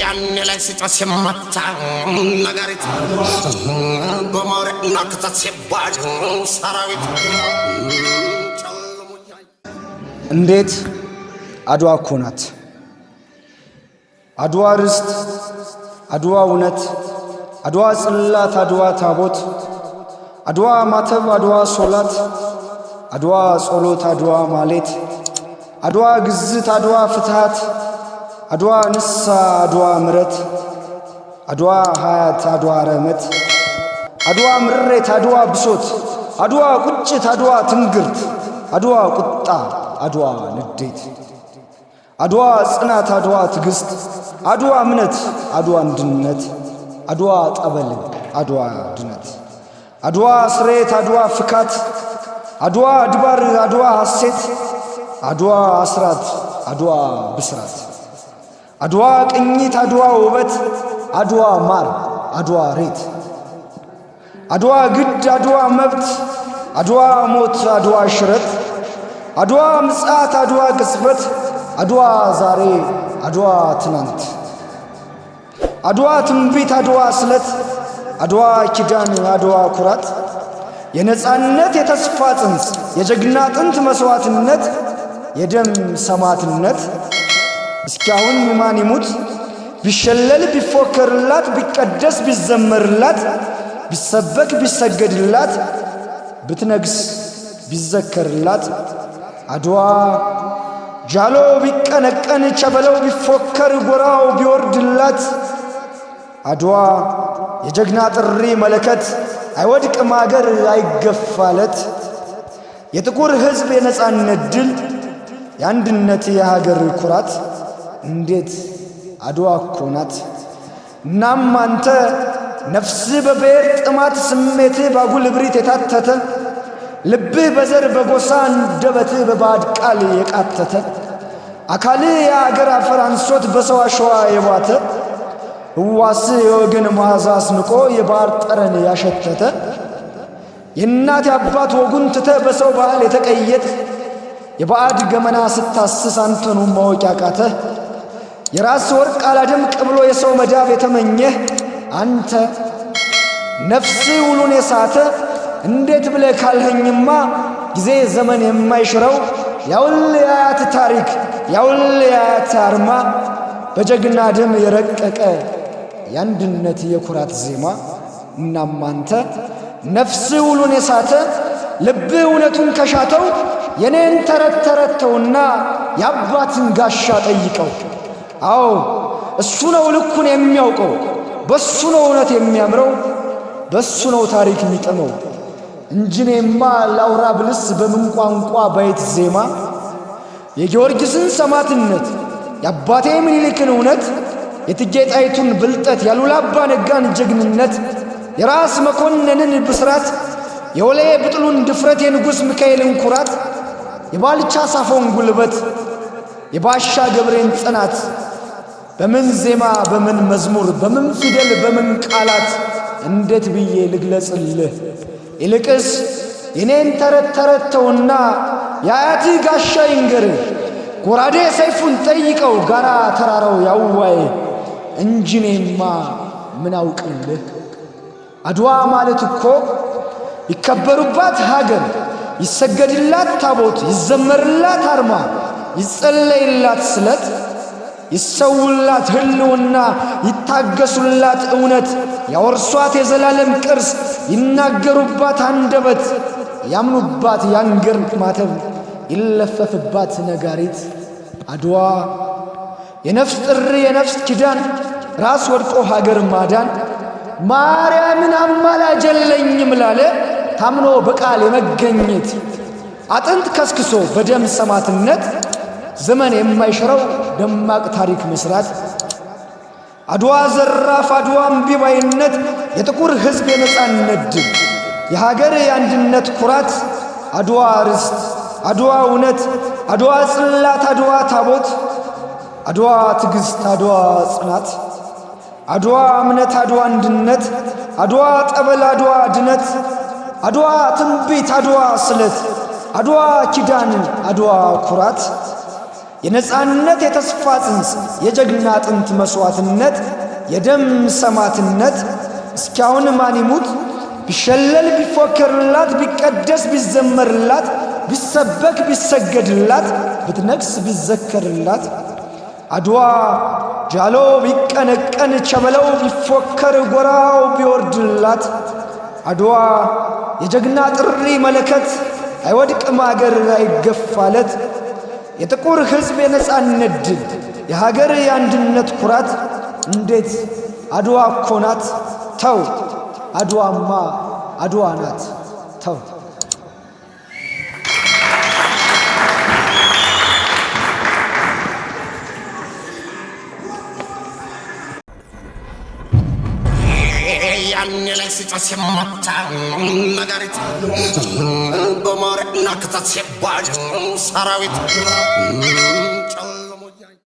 ያኔ ላይ ሲጮህ ሲመታ ነጋሪት በመሬት ናክተት ሲባል ሰራዊት እንዴት አድዋ እኮ ናት። አድዋ ርስት፣ አድዋ እውነት፣ አድዋ ጽላት፣ አድዋ ታቦት፣ አድዋ ማተብ፣ አድዋ ሶላት፣ አድዋ ጸሎት፣ አድዋ ማሌት፣ አድዋ ግዝት፣ አድዋ ፍትሃት አድዋ ንሳ አድዋ ምረት አድዋ ሀያት አድዋ ረመት አድዋ ምሬት አድዋ ብሶት አድዋ ቁጭት አድዋ ትንግርት አድዋ ቁጣ አድዋ ንዴት አድዋ ጽናት አድዋ ትግስት አድዋ እምነት አድዋ አንድነት አድዋ ጠበል አድዋ ድነት አድዋ ስሬት አድዋ ፍካት አድዋ ድባር አድዋ ሐሴት አድዋ አስራት አድዋ ብስራት አድዋ ቅኝት፣ አድዋ ውበት፣ አድዋ ማር፣ አድዋ ሬት፣ አድዋ ግድ፣ አድዋ መብት፣ አድዋ ሞት፣ አድዋ ሽረት፣ አድዋ ምጽአት፣ አድዋ ቅጽበት፣ አድዋ ዛሬ፣ አድዋ ትናንት፣ አድዋ ትንቢት፣ አድዋ ስለት፣ አድዋ ኪዳን፣ አድዋ ኩራት፣ የነፃነት የተስፋ ጥንት የጀግና ጥንት መስዋዕትነት፣ የደም ሰማዕትነት እስኪያሁን ይማን ይሙት ቢሸለል ቢፎከርላት ቢቀደስ ቢዘመርላት ቢሰበክ ቢሰገድላት ብትነግስ ቢዘከርላት አድዋ ጃሎ ቢቀነቀን ቸበለው ቢፎከር ጎራው ቢወርድላት አድዋ የጀግና ጥሪ መለከት አይወድቅም ማገር አይገፋለት የጥቁር ሕዝብ የነፃነት ድል የአንድነት የሀገር ኩራት እንዴት አድዋ እኮ ናት። እናም አንተ ነፍስህ በብሔር ጥማት ስሜትህ ባጉል እብሪት የታተተ ልብህ በዘር በጎሳ አንደበትህ በባዕድ ቃል የቃተተ አካልህ የአገር አፈር አንሶት በሰው አሸዋ የቧተ ሕዋስህ የወገን መዓዛ አስንቆ የባህር ጠረን ያሸተተ የእናት የአባት ወጉን ትተ በሰው ባህል የተቀየጥ የባዕድ ገመና ስታስስ አንተኑ ማወቅ ያቃተህ የራስ ወርቅ አላደምቅ ብሎ የሰው መዳብ የተመኘህ አንተ ነፍስ ውሉን የሳተ እንዴት ብለ ካልኸኝማ ጊዜ ዘመን የማይሽረው ያውል የአያት ታሪክ ያውል የአያት አርማ በጀግና ደም የረቀቀ የአንድነት የኩራት ዜማ። እናም አንተ ነፍስ ውሉን የሳተ ልብ እውነቱን ከሻተው የኔን ተረት ተረተውና የአባትን ጋሻ ጠይቀው። አዎ እሱ ነው ልኩን የሚያውቀው፣ በሱ ነው እውነት የሚያምረው፣ በሱ ነው ታሪክ የሚጥመው እንጂ እኔማ ላውራ ብልስ በምን ቋንቋ ባየት ዜማ የጊዮርጊስን ሰማዕትነት የአባቴ ምኒልክን እውነት የእቴጌ ጣይቱን ብልጠት ያሉላ አባ ነጋን ጀግንነት የራስ መኮንንን ብስራት የወለየ ብጥሉን ድፍረት የንጉሥ ሚካኤልን ኩራት የባልቻ ሳፎን ጉልበት የባሻ ገብሬን ጽናት በምን ዜማ፣ በምን መዝሙር፣ በምን ፊደል፣ በምን ቃላት እንዴት ብዬ ልግለጽልህ? ይልቅስ የኔን ተረት የአያቲ ጋሻ ይንገር ጎራዴ ሰይፉን ጠይቀው ጋራ ተራራው ያዋይ እንጂ እኔማ ምን አውቅልህ? አድዋ ማለት እኮ ይከበሩባት ሀገር፣ ይሰገድላት ታቦት፣ ይዘመርላት አርማ፣ ይጸለይላት ስለት ይሰውላት ህልውና፣ ይታገሱላት እውነት፣ ያወርሷት የዘላለም ቅርስ፣ ይናገሩባት አንደበት፣ ያምኑባት የአንገር ማተብ፣ ይለፈፍባት ነጋሪት አድዋ የነፍስ ጥሪ የነፍስ ኪዳን ራስ ወድቆ ሀገር ማዳን ማርያምን አማላጅ የለኝም ላለ ታምኖ በቃል የመገኘት አጥንት ከስክሶ በደም ሰማዕትነት ዘመን የማይሽረው ደማቅ ታሪክ መስራት፣ አድዋ ዘራፍ፣ አድዋ ቢባይነት የጥቁር ሕዝብ የነፃነት ድል፣ የሀገር የአንድነት ኩራት፣ አድዋ ርስት፣ አድዋ እውነት፣ አድዋ ጽላት፣ አድዋ ታቦት፣ አድዋ ትዕግሥት፣ አድዋ ጽናት፣ አድዋ እምነት፣ አድዋ አንድነት፣ አድዋ ጠበል፣ አድዋ ድነት፣ አድዋ ትንቢት፣ አድዋ ስለት፣ አድዋ ኪዳን፣ አድዋ ኩራት የነፃነት የተስፋ ጽንስ፣ የጀግና አጥንት መሥዋዕትነት፣ የደም ሰማዕትነት እስኪያሁን ማን ይሙት ቢሸለል ቢፎከርላት ቢቀደስ ቢዘመርላት ቢሰበክ ቢሰገድላት ብትነግስ ቢዘከርላት አድዋ ጃሎ ቢቀነቀን ቸበለው ቢፎከር ጎራው ቢወርድላት አድዋ የጀግና ጥሪ መለከት አይወድቅም አገር አይገፋለት የጥቁር ሕዝብ የነፃነት ድል፣ የሀገር የአንድነት ኩራት እንዴት አድዋ እኮ ናት! ተው አድዋማ አድዋ ናት! ተው ሰራዊት